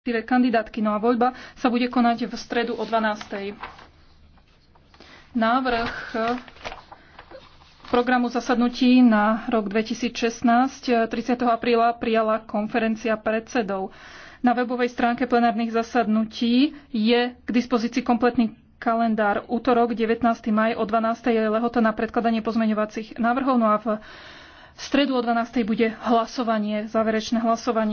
respektíve kandidátky. No a voľba sa bude konať v stredu o 12. Návrh e, programu zasadnutí na rok 2016 30. E, apríla prijala konferencia predsedov. Na webovej stránke plenárnych zasadnutí je k dispozícii kompletný kalendár. Útorok 19. maj o 12. je lehota na predkladanie pozmeňovacích návrhov. No a v stredu o 12. bude hlasovanie, záverečné hlasovanie.